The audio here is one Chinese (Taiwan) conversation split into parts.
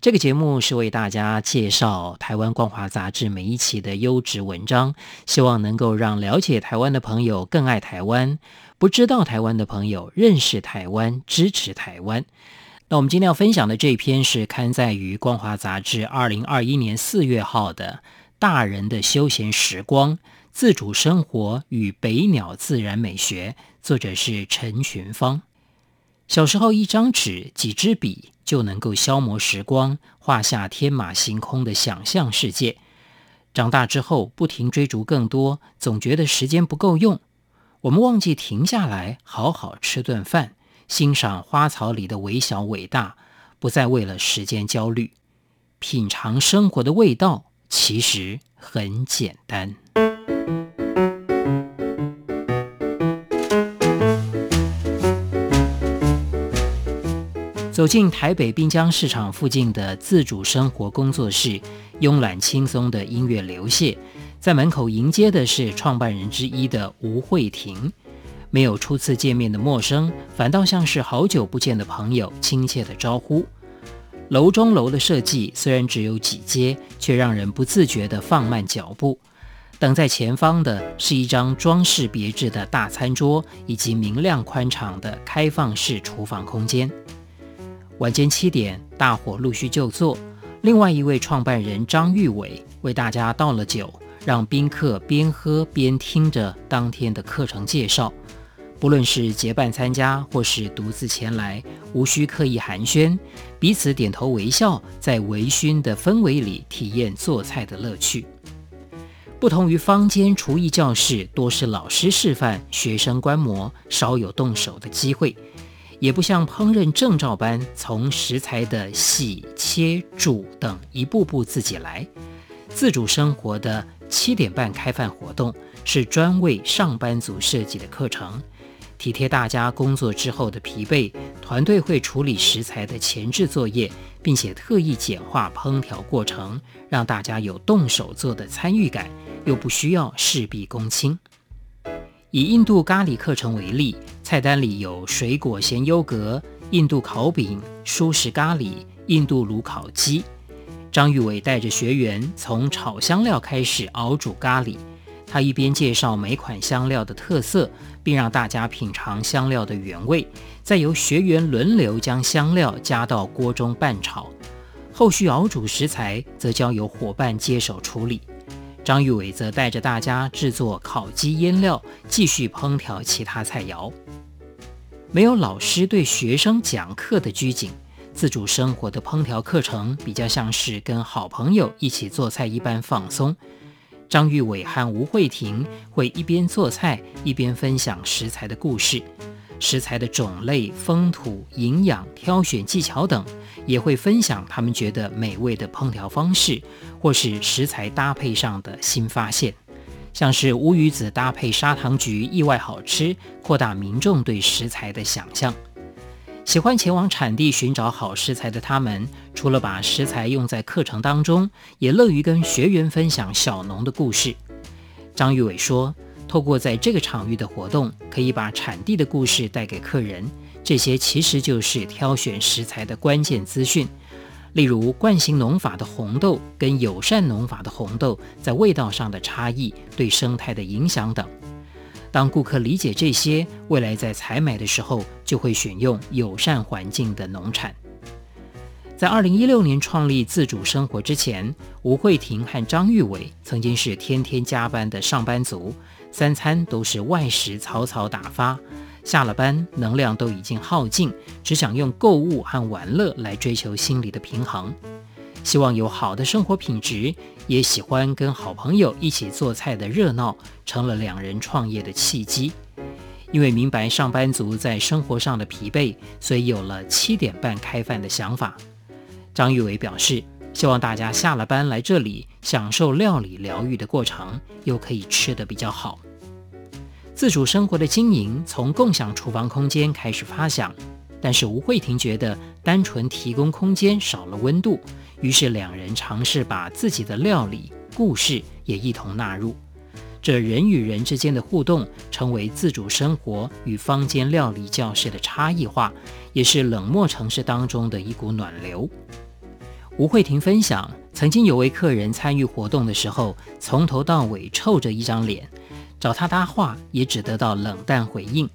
這個節目是為大家介紹台灣光華雜誌每一期的優質文章，希望能夠讓了解台灣的朋友更愛台灣，不知道台灣的朋友認識台灣，支持台灣。那我們今天要分享的這篇是刊載於《光華雜誌》2021年4月號的《大人的休閒時光：自主生活與北鳥自然美學》，作者是陳群芳。小時候，一張紙、幾支筆就能夠消磨時光，畫下天馬行空的想象世界。長大之後，不停追逐更多，總覺得時間不夠用。我們忘記停下來，好好吃頓飯，欣賞花草裡的微小偉大，不再為了時間焦慮。品嘗生活的味道，其實很簡單。走進台北濱江市場附近的自主生活工作室，慵懶輕鬆的音樂流瀉，在門口迎接的是創辦人之一的吳慧婷。沒有初次見面的陌生，反倒像是好久不見的朋友，親切的招呼。樓中樓的設計雖然只有幾階，卻讓人不自覺地放慢腳步。等在前方的是一張裝飾別緻的大餐桌，以及明亮寬敞的開放式廚房空間。晚間七點，大夥陸續就座。另外一位創辦人張玉偉為大家倒了酒，讓賓客邊喝邊聽着當天的課程介紹。不論是結伴參加，或是獨自前來，無需刻意寒暄，彼此點頭微笑，在微醺的氛圍裡體驗做菜的樂趣。不同於坊間廚藝教室，多是老師示範，學生觀摩，少有動手的機會。也不像烹飪證照般，從食材的洗、切、煮等一步步自己來。自主生活的七點半開飯活動是專為上班族設計的課程，體貼大家工作之後的疲憊，團隊會處理食材的前置作業，並且特意簡化烹調過程，讓大家有動手做的參與感，又不需要事必躬親。以印度咖喱課程為例。菜單裡有水果鹹優格、印度烤餅、蔬食咖喱、印度爐烤雞。張玉偉帶着學員從炒香料開始熬煮咖喱，他一邊介紹每款香料的特色，並讓大家品嘗香料的原味，再由學員輪流將香料加到鍋中拌炒。後續熬煮食材則交由夥伴接手處理，張玉偉則帶着大家制作烤雞醃料，繼續烹調其他菜餚。沒有老師對學生講課的拘謹，自主生活的烹調課程比較像是跟好朋友一起做菜一般放鬆。張玉偉和吳慧婷會一邊做菜，一邊分享食材的故事、食材的種類、風土、營養、挑選技巧等，也會分享他們覺得美味的烹調方式，或是食材搭配上的新發現。像是烏魚子搭配砂糖橘意外好吃，擴大民眾對食材的想象。喜歡前往產地尋找好食材的他們，除了把食材用在課程當中，也樂於跟學員分享小農的故事。張玉偉說：“透過在這個場域的活動，可以把產地的故事帶給客人，這些其實就是挑選食材的關鍵資訊。”例如慣行農法的紅豆跟友善農法的紅豆在味道上的差異，對生態的影響等。當顧客理解這些，未來在採買的時候就會選用友善環境的農產。在二零一六年創立自主生活之前，吳慧婷和張玉偉曾經是天天加班的上班族，三餐都是外食草草打發。下了班，能量都已經耗盡，只想用購物和玩樂來追求心理的平衡。希望有好的生活品質，也喜歡跟好朋友一起做菜的熱鬧，成了兩人創業的契機。因為明白上班族在生活上的疲憊，所以有了七點半開飯的想法。張玉偉表示，希望大家下了班來這裡，享受料理療癒的過程，又可以吃得比較好。自主生活的經營從共享廚房空間開始發想，但是吳慧婷覺得單純提供空間少了溫度，於是兩人嘗試把自己的料理故事也一同納入。這人與人之間的互動成為自主生活與坊間料理教室的差異化，也是冷漠城市當中的一股暖流。吳慧婷分享，曾經有位客人參與活動的時候，從頭到尾臭着一張臉。找他搭話也只得到冷淡回應，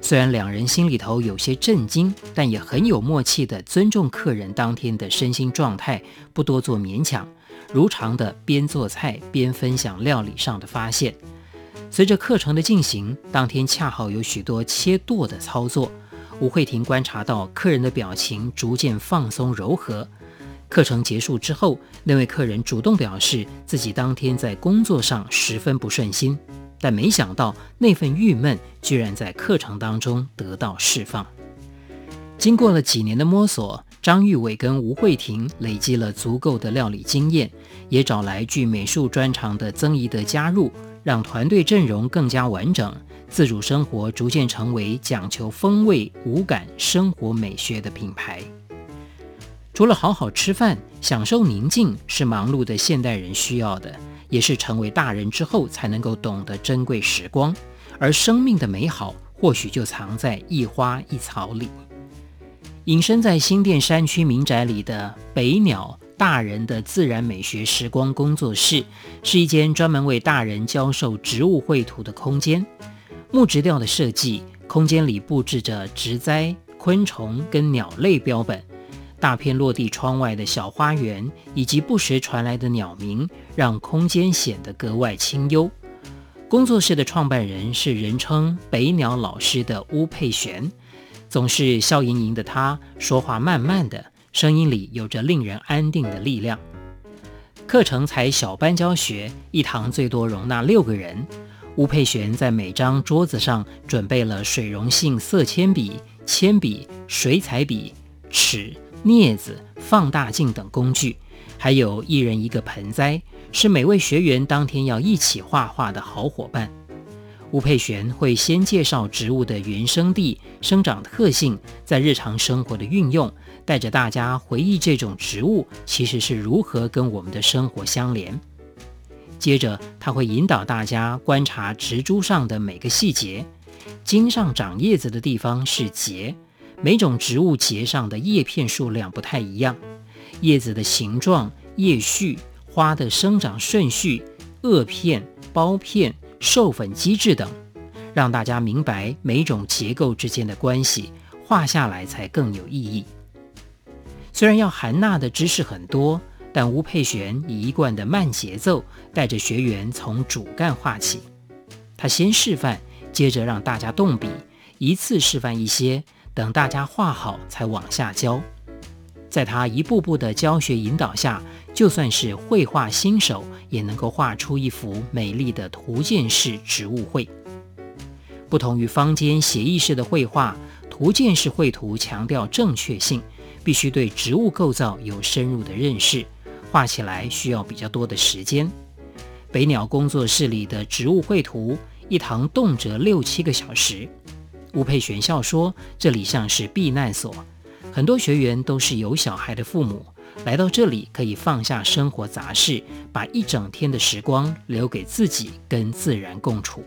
雖然兩人心裡頭有些震驚，但也很有默契地尊重客人當天的身心狀態，不多做勉強，如常地邊做菜邊分享料理上的發現。隨着課程的進行，當天恰好有許多切剁的操作，吳慧婷觀察到客人的表情逐漸放鬆柔和。課程結束之後，那位客人主動表示自己當天在工作上十分不順心。但沒想到，那份鬱悶居然在課程當中得到釋放。經過了幾年的摸索，張玉偉跟吳慧婷累積了足夠的料理經驗，也找來具美術專長的曾怡德加入，讓團隊陣容更加完整。自主生活逐漸成為講求風味、五感生活美學的品牌。除了好好吃飯，享受寧靜是忙碌的現代人需要的。也是成為大人之後才能夠懂得珍貴時光，而生命的美好或許就藏在一花一草裡。隱身在新店山區民宅裡的北鳥大人的自然美學時光工作室，是一間專門為大人教授植物繪圖的空間。木質調的設計，空間裡布置着植栽、昆蟲跟鳥類標本。大片落地窗外的小花園，以及不時傳來的鳥鳴，讓空間顯得格外清幽。工作室的創辦人是人稱“北鳥老師”的巫佩璇，總是笑盈盈的他。他說話慢慢的聲音裡有着令人安定的力量。課程才小班教學，一堂最多容納六個人。巫佩璇在每張桌子上準備了水溶性色鉛筆、鉛筆、水彩筆、尺。鑷子、放大鏡等工具，還有一人一個盆栽，是每位學員當天要一起畫畫的好伙伴。吳佩璇會先介紹植物的原生地、生長特性，在日常生活的運用，帶着大家回憶這種植物其實是如何跟我們的生活相連。接着，她會引導大家觀察植株上的每個細節，莖上長葉子的地方是節。每種植物節上的葉片數量不太一樣，葉子的形狀、葉序、花的生長順序、萼片、苞片、授粉機制等，讓大家明白每種結構之間的關係，畫下來才更有意義。雖然要含納的知識很多，但吳佩璇以一貫的慢節奏，帶着學員從主幹畫起。她先示範，接着讓大家動筆，一次示範一些。等大家畫好才往下教，在他一步步的教學引導下，就算是繪畫新手也能夠畫出一幅美麗的圖鑑式植物繪。不同於坊間寫意式的繪畫，圖鑑式繪圖強調正確性，必須對植物構造有深入的認識，畫起來需要比較多的時間。北鳥工作室裡的植物繪圖一堂動輒六七個小時。吳佩璇笑說：“這裡像是避難所，很多學員都是有小孩的父母，來到這裡可以放下生活雜事，把一整天的時光留給自己，跟自然共處。”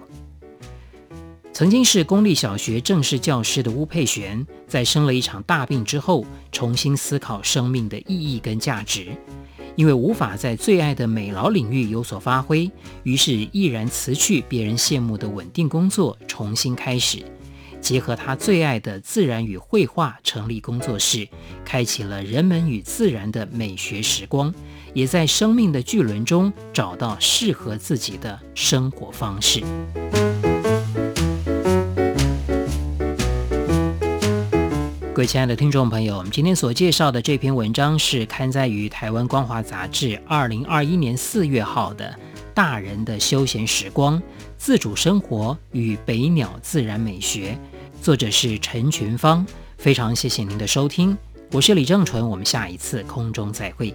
曾經是公立小學正式教師的吳佩璇，在生了一場大病之後，重新思考生命的意義跟價值。因為無法在最愛的美勞領域有所發揮，於是毅然辭去別人羨慕的穩定工作，重新開始。結合他最愛的自然與繪畫，成立工作室，開啟了人們與自然的美學時光，也在生命的巨輪中找到適合自己的生活方式。各位親愛的聽眾朋友，我們今天所介紹的這篇文章是刊載於《台灣光華雜誌》二零二一年四月號的《大人的休閒時光：自主生活與北鳥自然美學》。作者是陳群芳，非常謝謝您的收聽，我是李正淳，我們下一次空中再會。